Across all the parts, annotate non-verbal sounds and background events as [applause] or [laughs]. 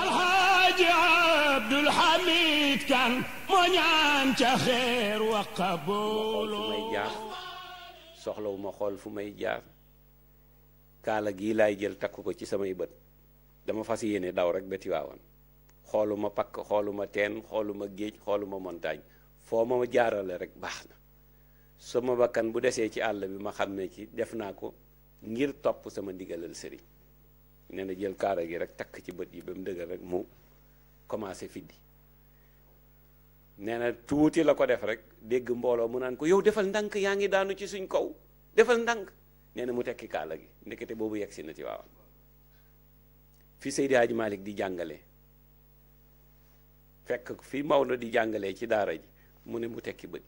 alxaaji abdul xamid kan moo ca xeer wa qaboolu fu may jaar soxlawu xool fu may jaar kaala gii laay jël takk ko ci samay bët dama fas yéene daw rek ba Tiwaawan xooluma pakk xooluma teen xooluma géej xooluma montagne foo ma jaarale rek baax na sama bakkan bu desee ci àll bi ma xam ne ci def naa ko ngir topp sama ndigalal sëriñ nee na jël kaara gi rek takk ci bët yi ba mu dëgër rek mu commencé fiddi nee na tuuti la ko def rek dégg mbooloo mu naan ko yow defal ndànk yaa ngi daanu ci suñ kaw defal ndànk nee na mu tekki kaala gi ndekete boobu yegg si na ci waawan fi Seydi Hadji di jàngale fekk fi Maodo di jàngalee ci daara ji mu ne mu tekki bët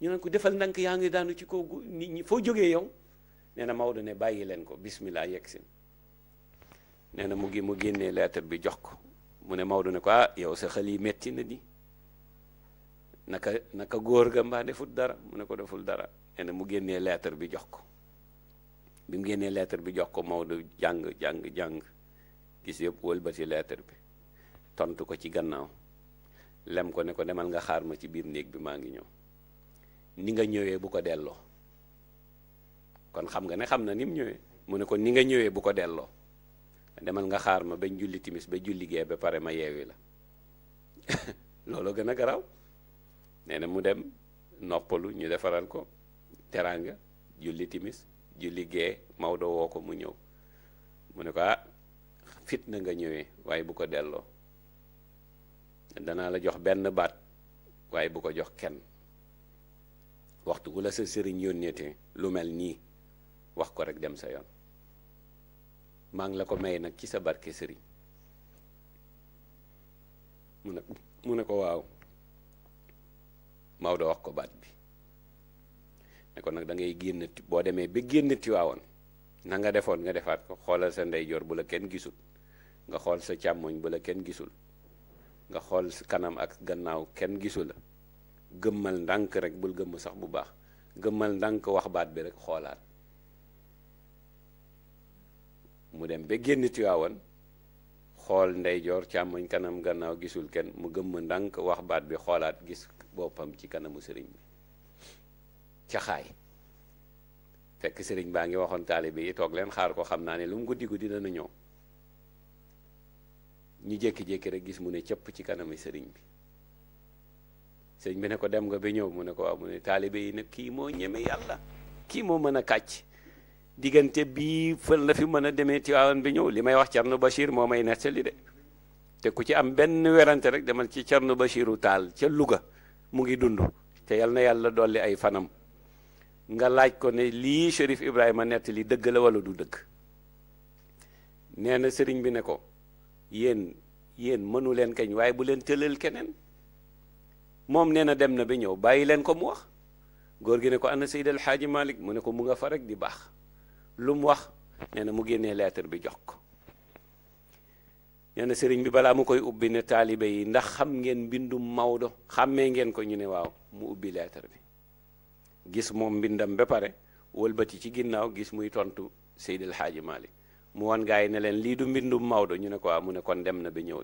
yi ñu ne ko defal ndànk yaa ngi daanu ci kaw nit ñi foo jógee yow nee na Maodo ne bàyyi leen ko bismillah yegg si nee na mu gi mu génnee lettre bi jox ko mu ne Maodo ne ko ah yow sa xel yi metti na di naka naka góor ga mbaa deful dara mu ne ko deful dara nee mu génnee lettre bi jox ko bi mu génnee lettre bi jox ko Maodo jàng jàng jàng gis yëpp wëlbati leetar bi tontu ko ci gannaaw lem ko ne ko demal nga xaar ma ci biir néeg bi maa ngi ñëw ni nga ñëwee bu ko delloo kon xam nga ne xam na ni mu ñëwee mu ne ko ni nga ñëwee bu ko delloo. demal nga xaar ma ba julli timis ba julli gee ba pare ma yeewi la [laughs] loolu gën a garaaw nee mu dem noppalu ñu defaral ko teraanga julli timis julli gee Maodo woo ko mu ñëw mu ne ko ah fitna nga ñëwee waaye bu ko delloo danaa la jox benn baat waaye bu ko jox kenn waxtu wu la sa sëriñ yónneete lu mel nii wax ko rek dem sa yoon maa ngi la ko may nag ci sa barke sëriñ mu ne mu ne ko waaw Maodo wax ko baat bi ne ko nag da ngay génn boo demee ba génn Tiwaawan na nga defoon nga defaat ko xoolal sa ndeyjoor bu la kenn gisul nga xool sa càmmoñ bu la kenn gisul nga xool sa kanam ak gannaaw kenn gisul la gëmmal ndànk rek bul gëmm sax bu baax gëmmal ndànk wax baat bi rek xoolaat mu dem ba génn Tiwaawan xool ndeyjoor càmmoñ kanam gannaaw gisul kenn mu gëmm ndànk wax baat bi xoolaat gis boppam ci kanamu sëriñ bi ca xaay fekk sëriñ baa ngi waxoon taalibe yi toog leen xaar ko xam naa ne lu mu guddi guddi dana ñëw ñu jékki-jékki rek gis mu ne cëpp ci kanamu sëriñ bi sëriñ bi ne ko dem nga ba ñëw mu ne ko waaw mu ne taalibe yi nag kii moo ñeme yàlla kii moo mën a kàcc diggante bii fël na fi mën a demee Tiwaawan bi ñëw li may wax Thierno bashir moo may nettali de te ku ci am benn werante rek demal ci Thierno Bachiru Taal ca Louga mu ngi dund te yal na yàlla dolli ay fanam nga laaj ko ne lii Chérif Ibrahima nettali dëgg la wala du dëgg nee na sëriñ bi ne ko yéen yéen mënuleen kañ waaye bu leen tëlal keneen moom nee na dem na ba ñëw bàyyi leen ko mu wax góor gi ne ko ana Seydi El Hadji mu ne ko mu nga fa rek di baax lum wax nee mu génnee lettre bi jox ko nee sëriñ bi balaa mu koy ubbi ne taalibe yi ndax xam ngeen mbindum Maodo xàmmee ngeen ko ñu ne waaw mu ubbi lettre bi gis moom mbindam ba pare wëlbati ci ginnaaw gis muy tontu Seydil Hadji Malick mu wan ne leen lii du Maodo ñu ne ko mu ne dem na ba ñëw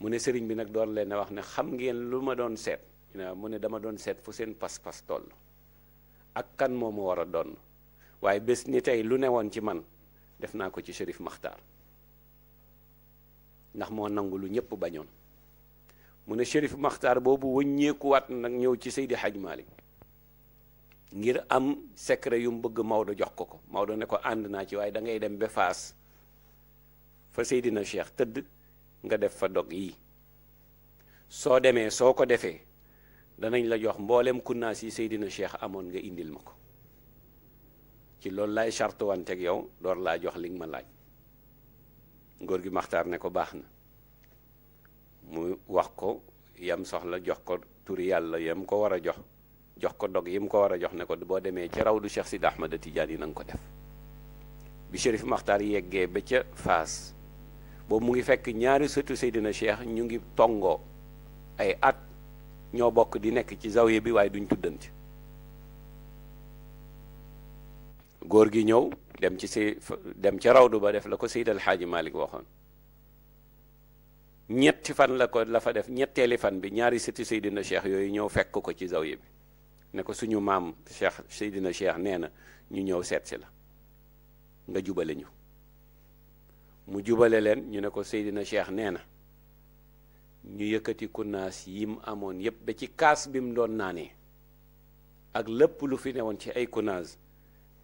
mu ne sëriñ bi nag doon leen wax ne xam ngeen lu ma doon seet mu ne dama doon seet fu seen pas-pas toll ak kan moo ma war a doon waaye bés ni tey lu ne woon ci man def naa ko ci Chérif Makhtar ndax moo nangu lu ñëpp bañoon mu ne Chérif Makhtar boobu wëññeekuwaat nag ñëw ci Seydi xaj Malick ngir am secret yu mu bëgg Maodo jox ko ko Maodo ne ko ànd naa ci waaye da ngay dem ba Faas fa Seydina Cheikh tëdd nga def fa dog yi soo demee soo ko defee danañ la jox mboolem kunnaas yi na Cheikh amoon nga indil ma ko ci loolu laay charte wanteeg yow door laa jox li nga ma laaj ngóor gi maxtaar ne ko baax na mu wax ko yam soxla jox ko turi yàlla yam ko war a jox jox ko dog yim ko war a jox ne ko boo demee ci raw ca rawdu Cheikh Sidi Ahmada Tidiane yi nanga ko def bi Chérif Maxtaar yeggee ba ca Faas boobu mu ngi fekk ñaari sëtu Seydina Cheikh ñu ngi tongoo ay at ñoo bokk di nekk ci zawiya bi waaye duñ tuddante góor gi ñëw dem ci si dem ca rawdu ba def la ko Seydal Xaaji Malick waxoon ñetti fan la ko la fa def ñetteeli fan bi ñaari sëti Seydina Cheikh yooyu ñëw fekk ko ci zawiya bi ne ko suñu maam Cheikh Seydina Cheikh nee na ñu ñëw seet si la nga jubale ñu mu jubale leen ñu ne ko Seydina Cheikh nee na ñu yëkkati kunaas yi mu amoon yépp ba ci kaas bi mu doon naanee ak lépp lu fi ne woon ci ay kunaas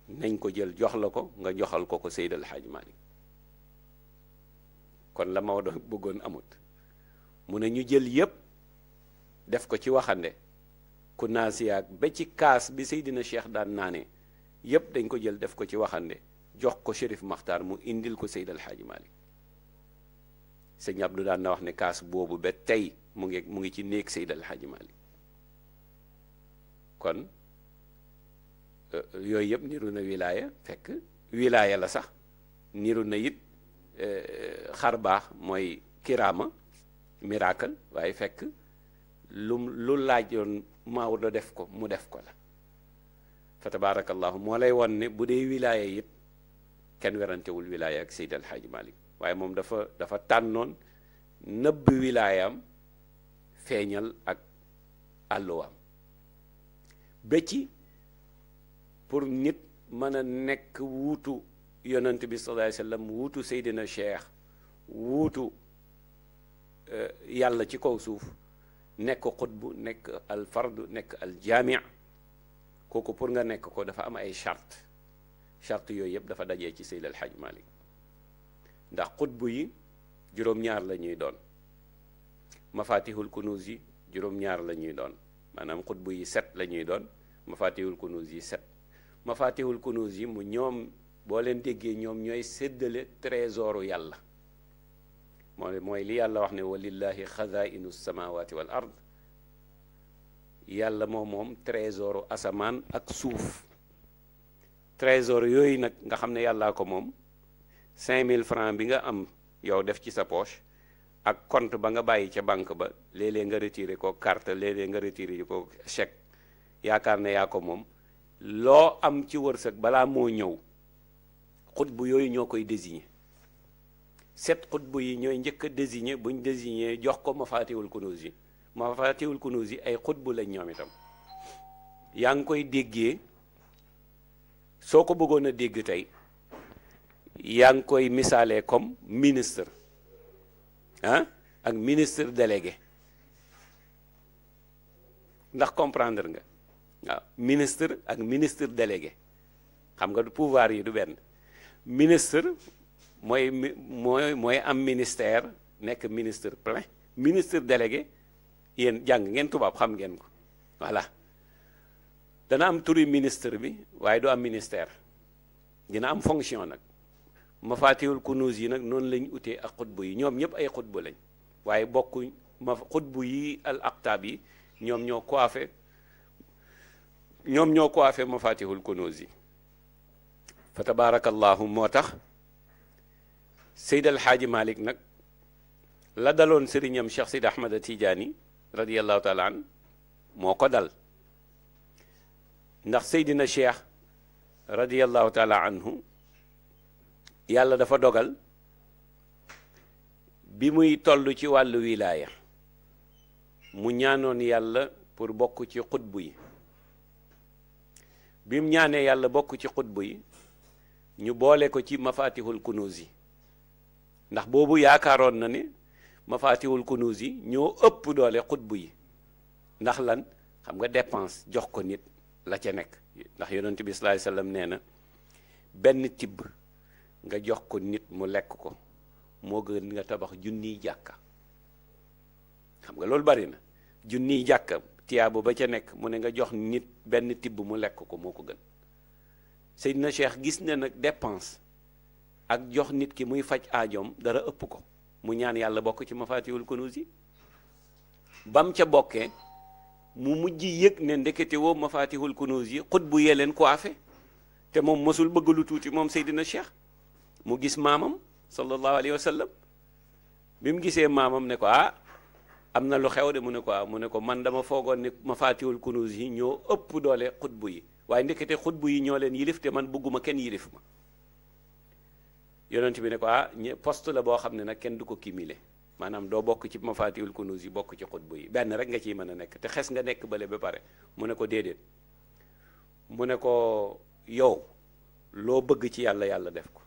nañ ko jël jox la ko nga joxal ko ko Seydi El Hadji Malick kon la Maodo bëggoon amut mu ne ñu jël yépp def ko ci waxande ku naasiyaak ba ci kaas bi Seydina Cheikh daan naane yépp dañ ko jël def ko ci waxande jox ko Chérif Maxtaar mu indil ko Seydi El Hadji Malick sëñ daan na wax ne kaas boobu ba tey mu ngi mu ngi ci néeg Seydi El Hadji Malick kon Euh, yooyu yëpp niru na wilaaya fekk wilaaya la sax niru na it euh, xar baax mooy kiraama miracle waaye fekk lu lu laajoon Maodo def ko mu def ko la fa tabarakallahu moo lay won ne bu dee wilaaya it kenn werantewul wilaaya ak Seyd Alxaaji Malik waaye moom dafa dafa tànnoon nëbb wilaayam feeñal ak àlluwaam ba pour nit mën a nekk wuutu yonent bi sallallahu alayhi wa sallam wuutu Seydina Cheikh wuutu eh, yàlla ci kaw suuf nekk xutbu nekk al fardu nekk al jaami kooku pour nga nekk ko dafa am ay charte charte yooyu yëpp dafa daje ci Seydil Hadj Malick ndax xutbu yi juróom-ñaar la ñuy doon mafatihul kunuz yi juróom-ñaar la ñuy doon maanaam xutbu yi set la ñuy doon mafatihul kunuz yi set ma mafaatihul kunuz yi mu ñoom boo leen déggee ñoom ñooy séddale trésoru yàlla moo mooy li yàlla wax ne walillahi xazainu samawati wal ard yàlla moo moom trésoru asamaan ak suuf trésor yooyu nag nga xam ne yàllaa ko moom cinq 5000 francs bi nga am yow def ci sa poche ak compte ba nga bàyyi ca banque ba léeg-léeg nga retiré ko carte léeg-léeg nga retiré ko chèque yaakaar ne yaa ko moom loo am ci wërsëg balaa moo ñëw xutbu yooyu ñoo koy désigner set xutbu yi ñooy njëkk a désigner buñ désigner jox ko mafaatiwul kunuus yi mafaatiwul kunuus yi ay xutbu lañ ñoom itam yaa ngi koy déggee soo ko bëggoon a dégg tey yaa ngi koy misaalee comme ministre ah ak ministre délégué ndax comprendre nga waaw ah, ministre ak ministre délégué xam nga du pouvoir yi du benn ministre mooy mooy mooy am ministère nekk ministre plein ministre délégué yéen jàng ngeen tubaab xam ngeen ko voilà dana am turi ministre bi waaye du am ministère dina am fonction nag ma mafaatihul kunuuz yi nag noonu lañu utee ak xutbu yi ñoom ñëpp ay xutbu lañ waaye bokku ma xutbu yi al aqtaab yi ñoom ñoo coiffé ñoom ñoo ko coiffé mafatihul kunuz yi fa tabarakallahu moo tax Seyd Alxaaji Malik nag la daloon sëriñam Cheikh Sidi Ahmad Tijaani radiallahu taala an moo ko dal ndax Seydina Cheikh radiallahu taala anhu yàlla dafa dogal bi muy toll ci wàllu wilaaya mu ñaanoon yàlla pour bokk ci xutbu yi bi mu ñaanee yàlla bokk ci xutbu yi ñu boole ko ci mafatihul kunuuz yi ndax boobu yaakaaroon na ni mafatihul kunuuz yi ñoo ëpp doole xutbu yi ndax lan xam nga dépense jox ko nit la ca nekk ndax yonent bi sallallahu alayhi wasallam nee na benn tibb nga jox ko nit mu lekk ko moo gën nga tabax junniy jàkka xam nga loolu bari na junniy jàkka tiyaabu ba ca nekk mu ne nga jox nit benn tibb mu lekk ko moo ko gën Seydina Cheikh gis na nag dépense ak jox nit ki muy faj aajom dara ëpp ko mu ñaan yàlla bokk ci mafaatihul kunuuz yi bam ca bokkee mu mujj yëg ne ndekete woo mafaatihul kunuuz yi xut bu yee leen ko afe te moom mosul bëgg lu tuuti moom Seydina Cheikh mu gis maamam sallallahu alayhi wa sallam gisee maamam ne ko ah am na lu xew de mu ne ko waaw mu ne ko man dama foogoon ni mafaatihul kunuuz yi ñoo ëpp doole xutbu yi waaye ndekete xutbu yi ñoo leen yilif te man bëgguma kenn yilif ma yonent bi ne ko ah post la boo xam ne nag kenn du ko cumuler maanaam doo bokk ci mafaatihul kunuuz yi bokk ci xutbu yi benn rek nga ciy mën a nekk te xes nga nekk bële ba pare mu ne ko déedéet mu ne ko yow loo bëgg ci yàlla yàlla def ko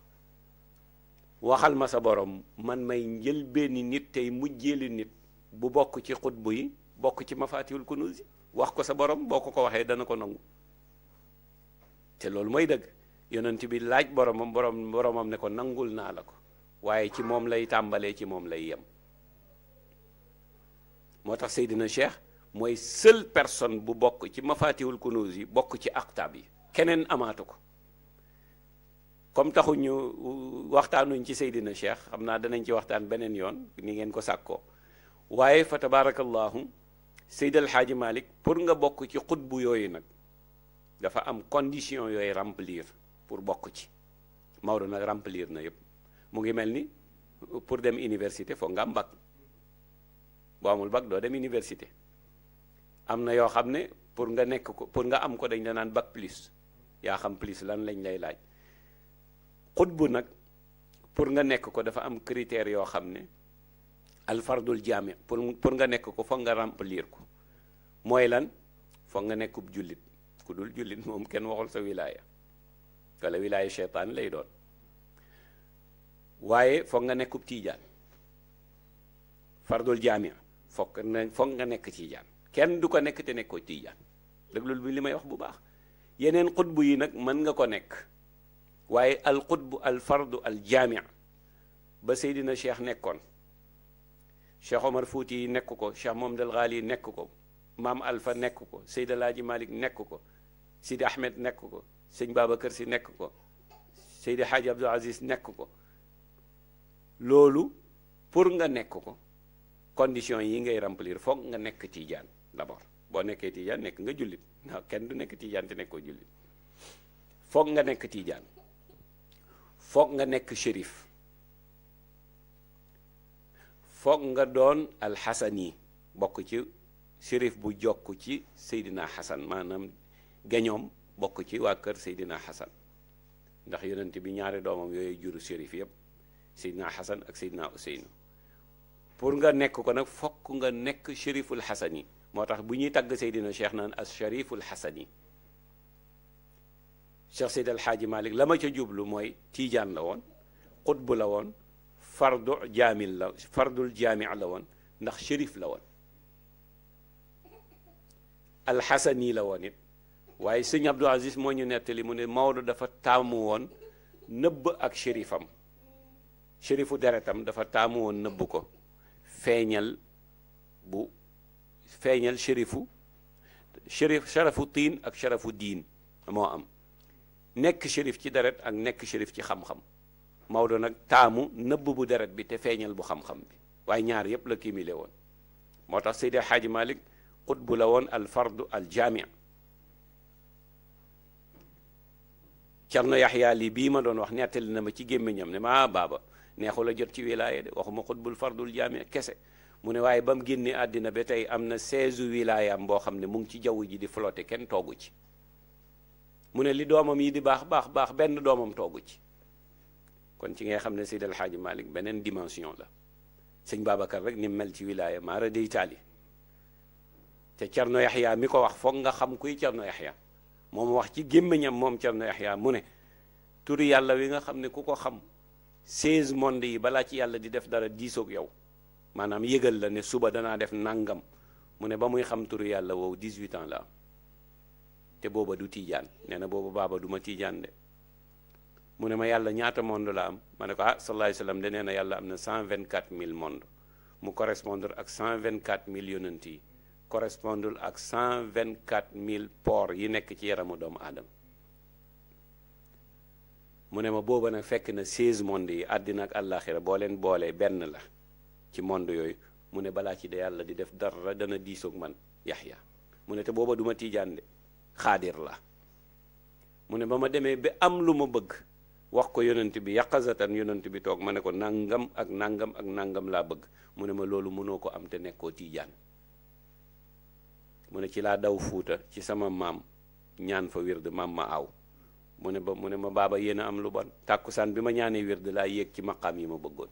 waxal ma sa borom man may njëlbeeni nit tey nit bu bokk ci xutbu yi bokk ci mafatihul kunuzi wax ko sa borom boo ko ko waxee dana ko nangu te loolu mooy dëgg yonent bi laaj boromam borom boromam ne ko nangul naa la ko waaye ci moom lay tàmbalee ci moom lay yem moo tax Seydina Cheikh mooy seule personne bu bokk ci mafatihul kunuuz yi bokk ci aktaab yi keneen amaatu ko comme taxuñu waxtaanuñ ci Seydina Cheikh xam naa danañ ci waxtaan beneen yoon ni ngeen ko sàkkoo waaye fa tabaarakallaahu Seyd El Hadji Malick pour nga bokk ci xutbu yooyu nag dafa am condition yooyu remplir pour bokk ci Maodo nag remplir na yëpp mu ngi mel ni pour dem université foog nga am bac boo amul bag doo dem iniversité am na yoo xam ne pour nga nekk ko pour nga am ko dañ la naan bac plus yaa xam plus lan lañ lay laaj xutbu nag pour nga nekk ko dafa am critère yoo xam ne. alfardul jaami pour pour nga nekk ko foog nga remplir ko mooy lan foog nga nekkub jullit ku dul jullit moom kenn waxul sa wilaaya wala wilaaya seytaan lay doon waaye foog nga nekkub tiijaan fardul jaami foog na foog nga nekk tiijaan kenn du ko nekk te nekkoo tiijaan déglul bi li may wax bu baax yeneen xutbu yi nag mën nga ko nekk waaye al xutbu al fardu al jaami ba Seydina Cheikh nekkoon Cheikh Omar Fouti nekk ko Cheikh Momdal Ghali nekk ko maam alfa nekk ko Seydi Alaaji Malik nekk ko Sidi Ahmed nekk ko sëñ Babacar Si nekk ko Seydi Hadji Abdou Aziz nekk ko loolu pour nga nekk ko condition yi ngay remplir foog nga nekk Tijaan d'abord boo nekkee Tijaan nekk nga julli waaw kenn du nekk Tijaan te nekkoo nga nekk Tijaan foog nga nekk shérif foog nga doon alxasan yi bokk ci shérif bu jokk ci seydina xasan maanaam geñoom bokk ci waa kër seydina xasan ndax yonent bi ñaari doomam yooyu juru shérif yépp seydina xasan ak seydina useynu pour nga nekk ko nag fokk nga nekk shériful xasan yi moo tax bu ñuy tagg seydina cheikh naan as shariful xasan yi cheikh seyd alxaaji malik la ma ca jublu mooy tiijaan la woon xutbu la woon fardu jaamin la fardul jaami la woon ndax shérif la woon alxasani la woon waaye sëñ Abdou Aziz moo ñu nettali mu ne Maodo dafa taamu woon nëbb ak shérifam shérifu deretam dafa taamu woon nëbb ko feeñal bu feeñal shérifu shérif sharafu tiin ak sharafu diin moo am nekk shérif ci deret ak nekk shérif ci xam-xam Maodo nag taamu nëbb bu deret bi te feeñal bu xam-xam bi waaye ñaar yëpp la kimile woon moo tax Seydi Xaaji Malik xutbu la woon al fardu al jaami Cerno Yaxya lii bii ma doon wax nettali na ma ci gémmiñam ne ma ah, baaba neexul a jot ci wilaya de waxuma xutbul fardul jaami kese mu ne waaye ba mu génnee àddina ba tey am na 16 wilayaam boo xam ne mu ngi ci jaww ji di flotte kenn toogu ci mu ne li doomam yi di baax baax baax benn doomam toogu ci kon ci ngay xam ne Seydi El Hadji Malick beneen dimension la sëñ Babacar rek ni mel ci wilaaya maara dey taali te Cerno Yaxya mi ko wax foog nga xam kuy Cerno Yaxya moom wax ci gémmiñam moom Cerno Yaxya mu ne turu yàlla wi nga xam ne ku ko xam seize monde yi balaa ci yàlla di def dara diisoog yow maanaam yëgal la ne suba danaa def nangam mu ne ba muy xam turu yàlla woowu dix-huit ans la te booba du tiijaan nee na booba baaba duma ma tiijaan de mu ne ma yàlla ñaata monde la am ma ne ko ah sallallahu alayhi wa sallam danee na yàlla am na 124000 monde mu correspondre ak 124000 yonent yi correspondre ak 124000 pores yi nekk ci yaramu doomu aadama mu ne ma booba nag fekk na 16 monde yi àddina ak boo leen boolee benn la ci monde yooyu mu ne balaa ci de yàlla di def dara dana diisoog man yaxya mu ne te booba duma tiijaan de xaadir la mu ne ba ma demee ba am lu ma bëgg wax ko yonent bi yàqazatan yonent bi toog ma ne ko nangam ak nangam ak nangam laa bëgg mu ne ma loolu mënoo ko am te nekkoo tiijaan mu ne ci laa daw fuuta ci sama maam ñaan fa wird maam ma aw mu ne ba mu ne ma baaba yéen a am lu bon tàkkusaan bi ma ñaanee wird laa yéeg ci maqaam yi ma bëggoon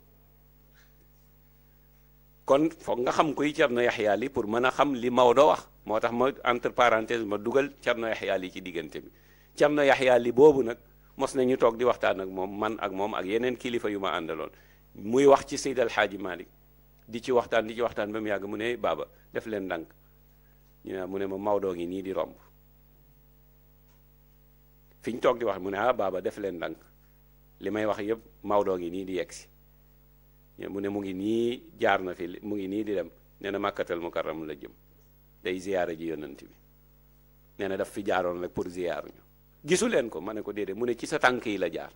kon foog nga xam kuy Cerno Yaxya li pour mën a xam li Maodo wax moo tax ma entre parenthèse ma dugal Cerno Yaxya li ci diggante bi Cerno Yaxya li boobu nag mos na ñu toog di waxtaan ak moom man ak moom ak yeneen kilifa yu ma àndaloon muy wax ci Seydi El Hadji di ci waxtaan di ci waxtaan ba mu yàgg mu ne baaba def leen ndànk ñu mu ne ma Maodo ngi nii di romb fi ñu toog di wax mu ne ah, baaba def leen ndànk li may wax yëpp Maodo ngi nii di yegg si mu ne mu ngi nii jaar na fi mu ngi nii di dem nee na màkkatal mukarram la jëm day ziyaara ji yonent bi nee na daf fi jaaroon rek pour ziyaar ñu gisu leen ko ma ne ko déedéet mu ne ci sa tànk yi la jaar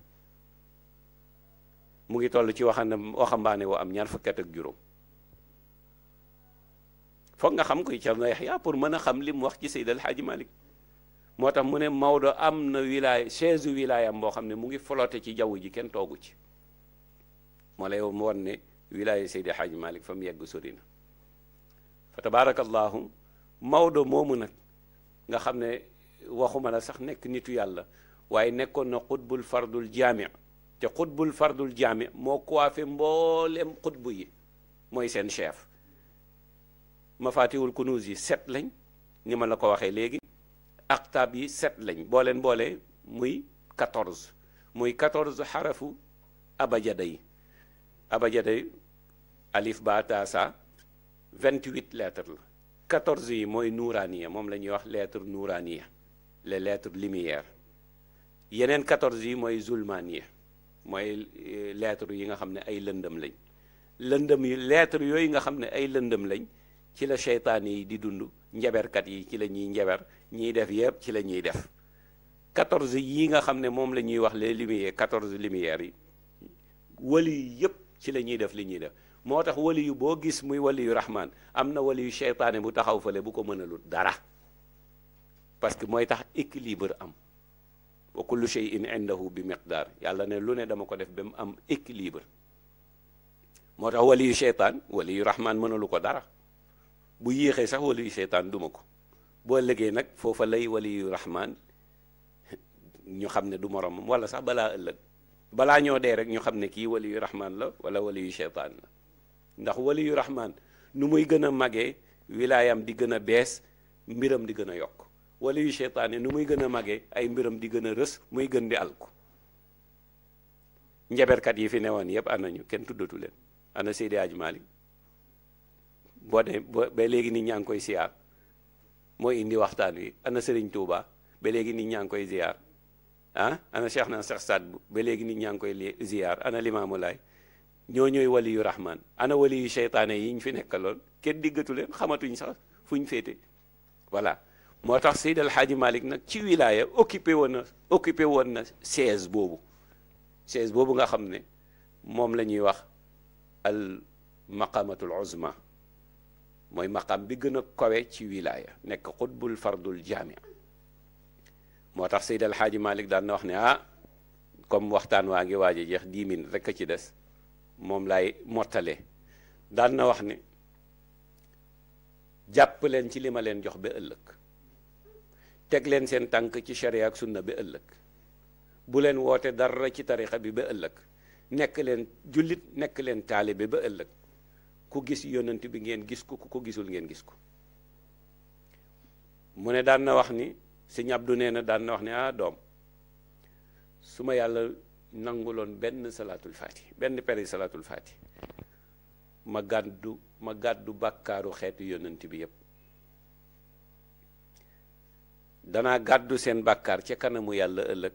mu ngi toll ci waxana waxambaane woo am ñaar fukki ak juróom foog nga xam koy Cerno Yaxya pour mën a xam li mu wax ci Seyd El Hadji Malick moo tax mu ne Maodo am na wilaaya chaise wilaayam boo xam ne mu ngi flotté ci jaww ji kenn toogu ci moo lay won ne wilaaya Seyd El Hadji Malick fa mu yegg sorina na fa tabaarakallaahu Maodo moomu nag nga xam ne waxuma la sax nekk nitu yàlla waaye nekkoon na xutbul fardul jaami te xutbul fardul jaami moo coiffé mbooleem xutbu yi mooy seen chef mafaatihul kunuuz yi set lañ ni ma la ko waxee léegi aqtaab yi set lañ boo boole muy 14 muy 14 xarafu abajada yi abajada yi alif ba taa saa 28 lettres la 14 yi mooy nuuraaniya moom la ñuy wax lettre nuuraaniya les lettres lumière yeneen 14 yi mooy zulmaniya mooy eh, lettres yi nga xam ne ay lëndëm lañ lëndëm yi lettres yooyu nga xam ne ay lëndëm lañ ci la seytaan yi di dund njaberkat yi ci la ñuy njaber ñiy def yëpp ci la ñuy def 14 yi nga xam ne moom la ñuy wax les lumières 14 lumières yi wali yëpp ci la ñuy def li ñuy def moo tax wali yu boo gis muy wali yu rahmaan am na wali yu seytaane bu taxaw fale bu ko mënalut dara parce que mooy tax équilibre am wa kullu shay'in indahu bi miqdaar yàlla ne lu ne dama ko def ba mu am équilibre moo tax waliyu seytaan waliyu rahmaan mënalu ko dara bu yéexee sax waliyu seytaan duma ko boo ëllëgee nag foofa lay waliyu rahmaan ñu xam ne du moromam wala sax balaa ëllëg balaa ñoo dee rek ñu xam ne kii waliyu rahmaan la wala waliyu seytaan la ndax waliyu rahmaan nu muy gën a magee wilaayam di gën a bees mbiram di gën a yokk wala yu seytaane nu muy gën a magee ay mbiram di gën a rës muy gën di alku njaberkat yi fi newoon yëpp anañu kenn tuddatu leen ana Seydi Hadji boo de ba léegi nit ñaa ngi koy siyaar moo indi waxtaan wi ana Sëriñ Tuuba ba léegi nit ñaa ngi koy ziyaar ah ana Cheikh na Cheikh Saad bu ba léegi nit ñaa ngi koy ziyaar ana Limaamu Laay ñoo ñooy wali yu rahman ana wali yu seytaane yi ñu fi nekkaloon kenn diggatu leen xamatuñ sax fu ñu féete voilà moo tax Seydal Hadji Malick nag ci wilaya occupé woon na occupé woon na siège boobu siège boobu nga xam ne moom la ñuy wax al maqamatul uzma mooy maqam bi gën a kawe ci wilaya nekk xutbul fardul jaami moo tax Seydal Hadji malik daan na wax ne ah comme waxtaan waa ngi waaj jeex dix minutes rek a ci des moom lay mottale daan na wax ni jàpp leen ci li ma leen jox ba ëllëg teg leen seen tànk ci sharia ak sunna bi ëllëg bu leen woote dara ci tarixa bi ba ëllëg nekk leen jullit nekk leen taalibe ba ëllëg ku gis yonent bi ngeen gis ko ku ko gisul ngeen gis ko mu ne daan na wax ni sëñ Abdu nee na daan na wax ne ah doom su ma yàlla nanguloon benn salaatul faati benn peri salaatul faati ma gàddu ma gàddu bàkkaaru xeetu yonent bi yépp danaa gàddu seen bàkkaar ci kanamu yàlla ëllëg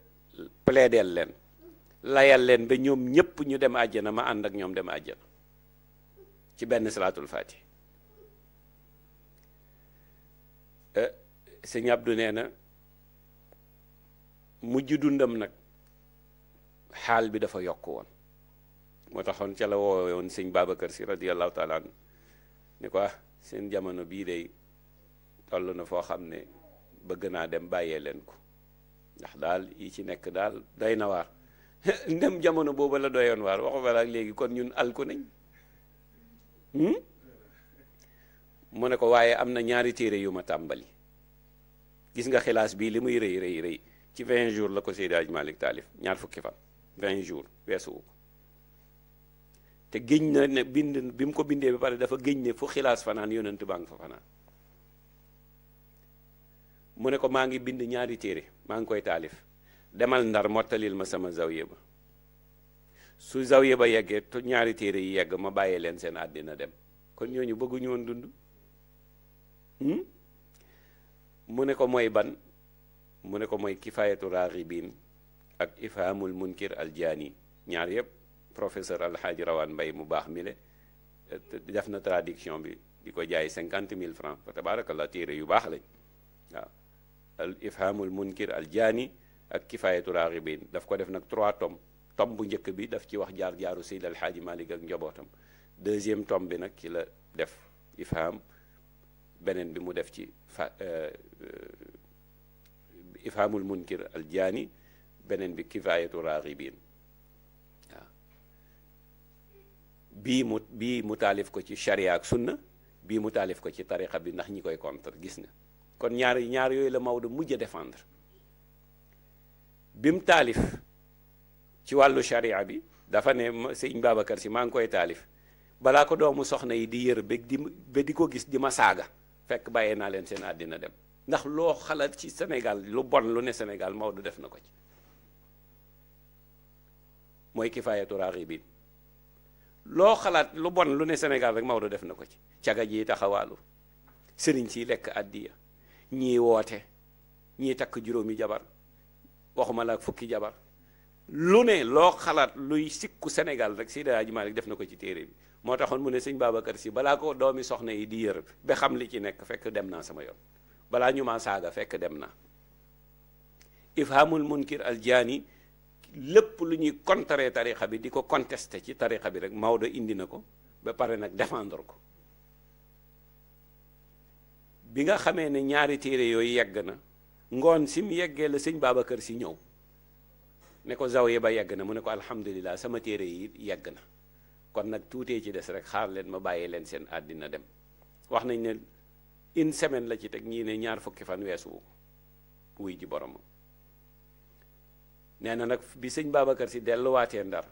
plaideel leen layal leen bi ñoom ñépp ñu dem àjjana ma ànd ak ñoom dem àjjana ci benn salaatul faati eh, sëñ Abdou nee na mujj dundam nag xaal bi dafa yokk woon moo taxoon ca la woowe woon sëñ Babacar si radiyallahu taala an ni ko ah seen jamono bii day toll na foo xam ne bëgg naa dem bàyyee leen ko ndax daal yi ci nekk daal doy na waar [laughs] ndem jamono booba la doyoon waar waxu fa ak léegi kon ñun alku nañ hmm? mu ne ko waaye am na ñaari téere yu ma tàmbali gis nga xilaas bii li muy rëy rëy rëy ci 20 jours la ko Seydi Hadj Malick taalif ñaar fukki fan 20 jours weesuwu ko te géñ na ne bind bi mu ko bindee ba pare dafa géñ ne fu xilaas fanaan yonent baa nga fa fanaan mu ne ko maa ngi bind ñaari téere maa ngi koy taalif demal ndar mottalil ma sama zawiya ba su zawiya ba yeggee tu ñaari téere yi yegg ma bàyyee leen seen àddina dem kon ñooñu bëgguñu woon dund hmm? mu ne ko mooy ban mu ne ko mooy kifaayatu raaxibiin ak ifhaamul munkir aljaani ñaar yëpp professeur alxaaji rawaan mbay mu baax mi le def na traduction bi di ko jaay cinquante mille francs fa tabaarakallah téere yu baax lañ waaw al ifhaamul al jaani ak kifaayatu raaxibin daf ko def nag trois tomes tome bu njëkk bi daf ci wax jaar jaaru Seyd al Xaaji Malik ak njobootam deuxième tome bi nag ci def ifhaam beneen bi mu def ci fa euh, ifhaamul munkir al jaani beneen bi kifaayatu raaxibin waaw mu taalif ko ci sharia ak sunna bii mu taalif ko ci tariqa bi ndax ñi koy contre gis na kon ñaar ñaar yooyu la Maodo mujj a défendre bi mu taalif ci wàllu charia bi dafa ne sëñ Babacar si maa ngi koy taalif balaa ko doomu soxna yi di yër ba di ko gis di ma saaga fekk bàyyee naa leen seen àddina dem ndax loo xalaat ci Sénégal lu bon lu ne Sénégal Maodo def na ko ci mooy kifaayatu raaxibiin loo xalaat lu bon lu ne Sénégal rek Maodo def na ko ci caga ji taxawaalu sëriñ si lekk àddiya ñii woote ñii takk juróomi jabar waxuma la fukki jabar lu ne loo xalaat luy sikku Sénégal rek Seydi Hadji Malick def na ko ci téere bi moo taxoon mu ne sëñ Babacar si balaa ko doomi soxna yi di yër ba xam li ci nekk fekk dem naa sama yoon balaa ñu maa saaga fekk dem naa ifhamul munkir al jaani lépp lu ñuy contrer tarixa bi di ko contester ci tarixa bi rek Maodo indi na ko ba pare nag defendre ko bi nga xamee ne ñaari téere yooyu yegg na ngoon si mu yeggee la sëñ baaba kër si ñëw ne ko zawiya ba yegg na mu ne ko alhamdulilah sama téere yi yegg na kon nag tuutee ci des rek xaar leen ma bàyyi leen seen àddina dem wax nañ ne une semaine la ci teg ñii ne ñaar fukki fan weesu wu ko wuy ji boromam nee na nag bi sëñ baaba Babacar si delluwaatee ndar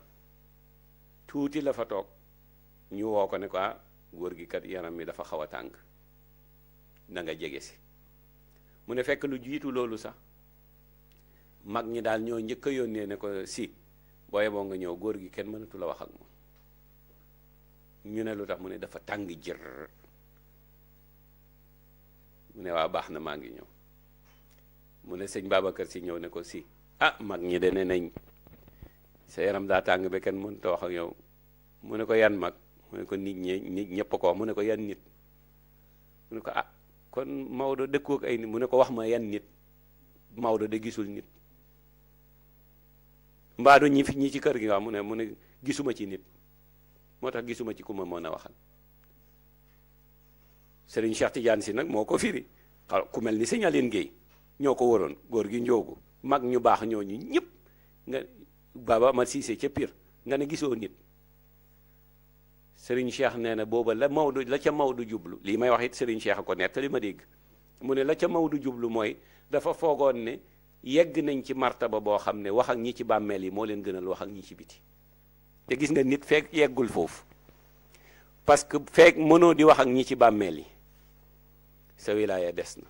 tuuti la fa toog ñu woo ko ne ko ah góor gi kat yaram mi dafa xaw a tàng na nga jege si mu ne fekk lu jiitu loolu sax mag ñi daal ñoo njëkk a yónnee ne ko si boo yeboo nga ñëw góor gi kenn mënatu la wax ak moom ñu ne lu tax mu ne dafa tàng jër mu ne waa baax na maa ngi ñëw mu ne sëñ Babacar si ñëw ne ko si ah, mag ñi de nañ sa daa tàng ba kenn mënut wax ak yow mu ne ko yan mag mu ne ko nit ñi nit ñëpp ko wax mu ne ko yan nit mu ne ko ah kon Maodo de ak ay nit mu ne ko wax ma yenn nit Maodo de gisul nit mbaadu ñi fi ñi ci kër gi waaw mu ne mu ne gisuma ci nit moo tax gisuma ci ku ma mën a waxal Serigne Cheikh Tidiane si nag moo ko firi kumel ni Serigne Aline Gueye ñoo ko waroon góor gi njoogu mag ñu baax ñooñu ñëpp nga Baba ma Cissé ca nga ne gisoo nit Serigne Cheikh nee na booba la Maodo la ca Maodo jublu lii may wax it Serigne Cheikh a ko nettali ma dégg mu ne la ca Maodo jublu mooy dafa foogoon ne yegg nañ ci martaba boo xam ne wax ak ñi ci bàmmeel yi moo leen gënal wax ak ñi ci biti te gis nga nit fekk yeggul foofu parce que fekk mënoo di wax ak ñi ci bàmmeel yi sa wilaaya des na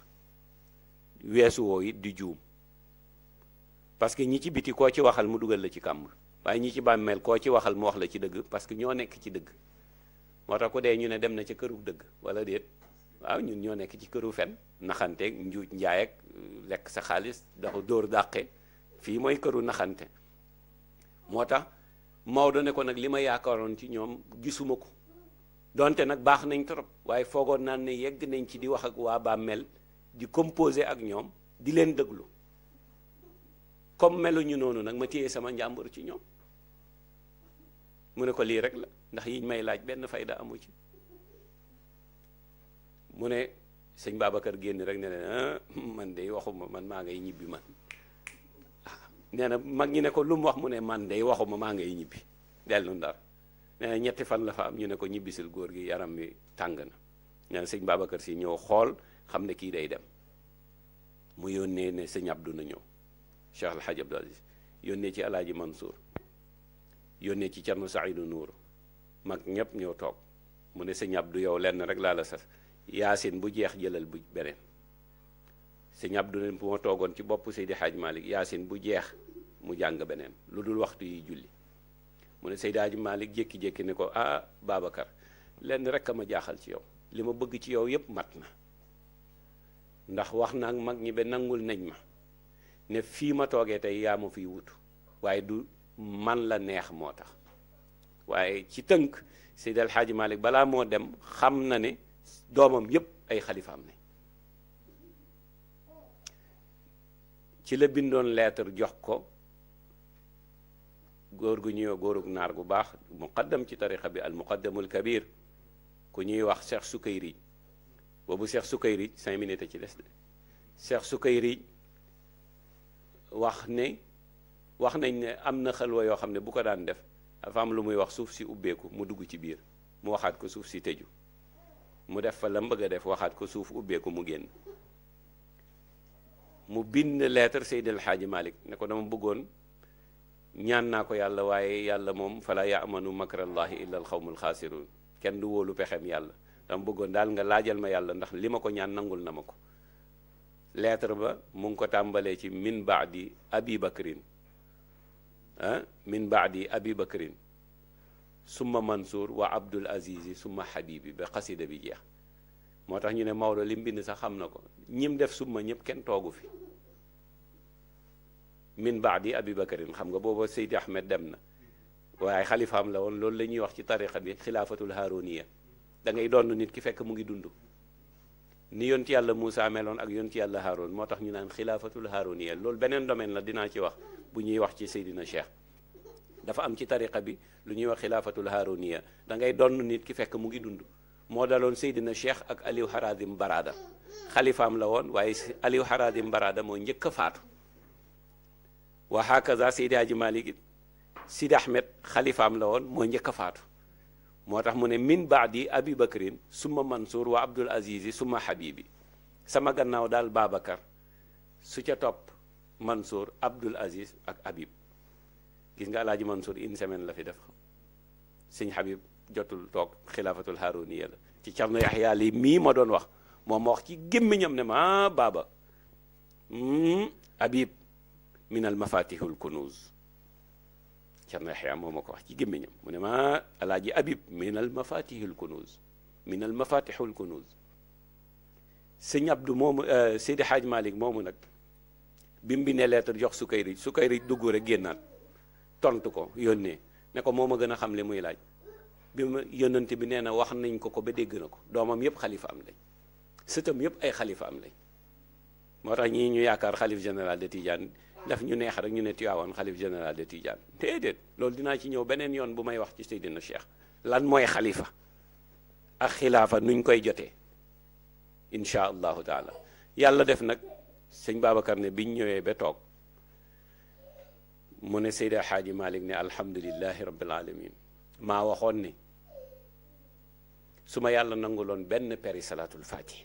weesu woo yit di juum parce que ñi ci biti koo ci waxal mu dugal la ci kàmb waaye ñi ci bàmmeel koo ci waxal mu wax la ci dëgg parce que ñoo nekk ci dëgg moo tax ku dee ñu ne dem na ca këru dëgg wala déet waaw ñun ñoo nekk ci këru fen naxante njuuj njaay ak euh, lekk sa xaalis dafa dóor dàqe fii mooy këru naxante moo tax Maodo ne ko nag li ma yaakaaroon ci ñoom gisuma ko donte nag baax nañ trop waaye foogoon naa ne yegg nañ ci di wax ak waa bàmmeel di composer ak ñoom di leen déglu comme ñu noonu nag ma téye sama njàmbur ci ñoom mu ne ko lii rek la ndax yiñ may laaj benn fayda amu ci mu ne sëñ Babacar génn rek ne leen ah, man de waxuma man maa ngay ñibbi man ah, nee na mag ñi ne ko lu mu wax mu ne man de waxuma maa ngay ñibbi dellu ndar nee ñetti fan la fa am ñu ne ko ñibbisil góor gi yaram wi tàng na nee na sëñ si ñëw xool xam ne kii day dem mu yónnee ne sëñ Abdou na ñëw Cheikh El Hadj Abdou yónnee ci El Hadj Mansour yónnee ci Thierno Saïdou Nour mag ñëpp ñëw toog mu ne sëñ du yow lenn rek laa la sas yaasin bu jeex jëlal bu beneen sëñ Abdou ne ma toogoon ci bopp Seydi Hadj Malick yaasin bu jeex mu jàng beneen lu dul waxtu yi julli mu ne Seydi Hadj Malick jékki-jékki ne ko ah Babacar lenn rek a ma jaaxal ci yow li ma bëgg ci yow yépp mat na ndax wax naa mag ñi ba nangul nañ ma ne fii ma toogee tey yaa ma fiy wutu waaye du man la neex moo tax waaye ci tënk Seydi El Hadji balaa moo dem xam na ne doomam yépp ay xalifaam ne ci la bindoon leetar jox ko góor gu ñuy wax góorug naar gu baax muqaddam ci tariqa bi al muqaddamul kabir ku ñuy wax Cheikh Soukayri boobu Cheikh Soukayri cinq minutes ci des de Cheikh Soukayri wax ne wax nañ ne am na xalwa yoo xam ne bu ko daan def dafa am lu muy wax suuf si ubbeeku mu dugg ci biir mu waxaat ko suuf si tëju mu def fa la mu bëgg a def waxaat ko suuf ubbeeku mu génn mu bind lettre Seydi El Hadji malik ne ko dama bëggoon ñaan naa ko yàlla waaye yàlla moom fala yamanu makrallahi illa al xawmul xaasiruun kenn du wóolu pexem yàlla dama bëggoon daal nga laajal ma yàlla ndax li ma ko ñaan nangul na ma ko lettre ba mu ngi ko tàmbalee ci min baadi abi ah min baadi abi bakrin summa mansour wa abdul azizi summa habibi ba xasida bi jeex moo tax ñu ne Maodo li mu bind sax xam na ko ñim def summa ñëpp kenn toogu fi min baadi abi bakarin xam nga booba Seydi Ahmed dem na waaye xalifaam la woon loolu la ñuy wax ci tariqa bi xilaafatul haaroniya da ngay donn nit ki fekk mu ngi dund ni yonti yàlla Moussa meloon ak yonti yàlla Haaroon moo tax ñu naan xilaafatul haaroniya loolu beneen domaine la dinaa ci wax bu ñuy wax ci Seydina Cheikh dafa am ci tariqa bi lu ñuy wax xilaafatul haruniya da ngay donn nit ki fekk mu ngi dund moo daloon Seydina Cheikh ak Aliou Haradim Barada xalifaam la woon waaye Aliou Haradim Barada moo njëkk faatu wa hakaza Seydi Hadji Malick it Sidi Ahmed xalifaam la woon moo njëkk a faatu moo tax mu ne min baadi abi bakrin summa Mansour wa Abdul Azizi summa Habibi sama gannaaw daal Babacar su ca topp Mansour Abdul Aziz ak Habib gis nga alaaji Mansour une semaine la fi def sëñ Habib jotul toog xilaafatul haaruniya la ci Cerno Yaxya li mii ma doon wax moom ma wax ci gémmiñam ne ma ah, baaba hmm, Habib min al mafatihul kunuz Cerno Yaxya ma ko wax ci gémmiñam mu ne ma alaaji Habib min al mafatihul kunuz min al mafatihul kunuz sëñ Abdou moomu eh, Seydi Hadj Malick moomu nag bi mu bindee lettre jox Sukayri Sukayri dugg rek génnaat tontu ko yónnee ne ko moo ma gën a xam li muy laaj bi ma yónnante bi nee na wax nañ ko ko ba dégg na ko doomam yëpp xalifa am lañ sëtam yëpp ay xalifa am lañ moo tax ñii ñu yaakaar xalif général de Tidiane daf ñu neex rek ñu ne Tiwaawan xalif général de Tidiane déedéet loolu dinaa ci ñëw beneen bu may wax ci Seydina Cheikh lan mooy xalifa ak xilaafa nuñ koy jotee incha allahu taala yàlla def nag sëñ Babacar ne biñ ñëwee ba toog mu ne Seydi Xaaji Malik ne alhamdulilahi rabbil alamin maa waxoon ni su ma yàlla nanguloon benn peri salaatul faati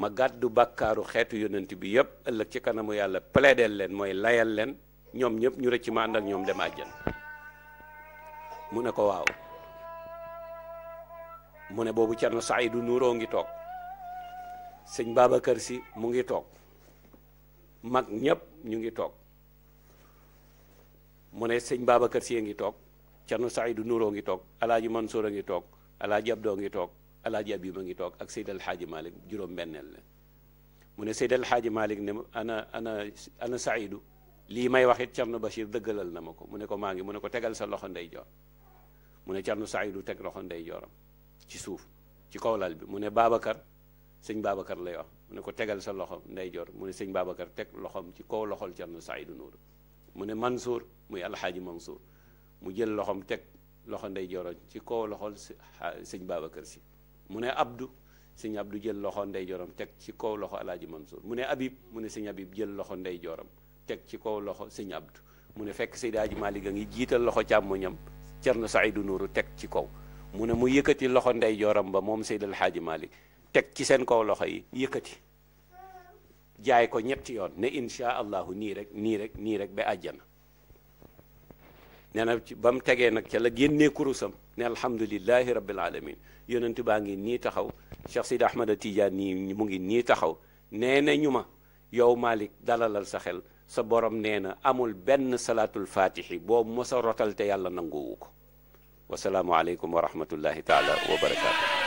ma gàddu bàkkaaru xeetu yonent bi yépp ëllëg ci kanamu yàlla plaideel leen mooy layal leen ñoom ñëpp ñu rëcc ma ànd ak ñoom dem àjjan mu ne ko waaw mu ne boobu Cerno Saydu Nuuroo ngi toog sëñ baabakër si mu ngi toog mag ñépp ñu ngi toog mu ne sëñ Babacar si a ngi toog Cerno Saydu nuroo ngi toog alaaji Mansour a ngi toog alaaji Abdoo ngi toog alaaji Abiba ngi toog ak Seydal Xaaji Malik juróom benneel la mu ne Seydal Xaaji Malik ne ana ana ana lii may wax it Cerno Bachir dëggalal na ma ko mu ne ko maa ngi mu ne ko tegal sa loxo ndeyjoor mu ne Cerno Saydu teg loxo ndeyjooram ci suuf ci kaw lal bi mu ne Babacar sëñ Babacar lay wax mu ne ko tegal sa loxo ndeyjoor mu ne sëñ Babacar teg loxoom ci kaw loxol Cerno Saydu Nuur mu ne Mansour muy alxaaji Mansour mu jël loxoom teg loxo ndeyjooram ci kaw loxol sëñ Babacar si mu ne Abdou sëñ Abdou jël loxo ndeyjooram teg ci kaw loxo alxaaji Mansour mu ne Habib mu ne sëñ Habib jël loxo ndeyjooram teg ci kaw loxo sëñ Abdou mu ne fekk Seydi Hadji Malick a ngi jiital loxo ñam càmmoñam Cerno Saydu Nuuru teg ci kaw mu ne mu yëkkati loxo ndeyjooram ba moom Seydi Alxaaji maalik teg ci seen kaw loxo yi yëkkati jaay ko ñetti yoon ne insha allahu nii rek nii rek nii rek ba àjjana nee na ba mu tegee nag ca la génnee kurusam ne alhamdulillahi rabbil alamin yonent baa ngi nii taxaw Cheikh Sidi Ahmad Tidiane nii mu ngi nii taxaw ne na ñu ma yow Malick dalalal sa xel sa borom nee na amul benn salaatul faatihi boobu mos rotal te yàlla nanguwu ko wasalaamualeykum wa rahmatullahi taala wa barakaatu.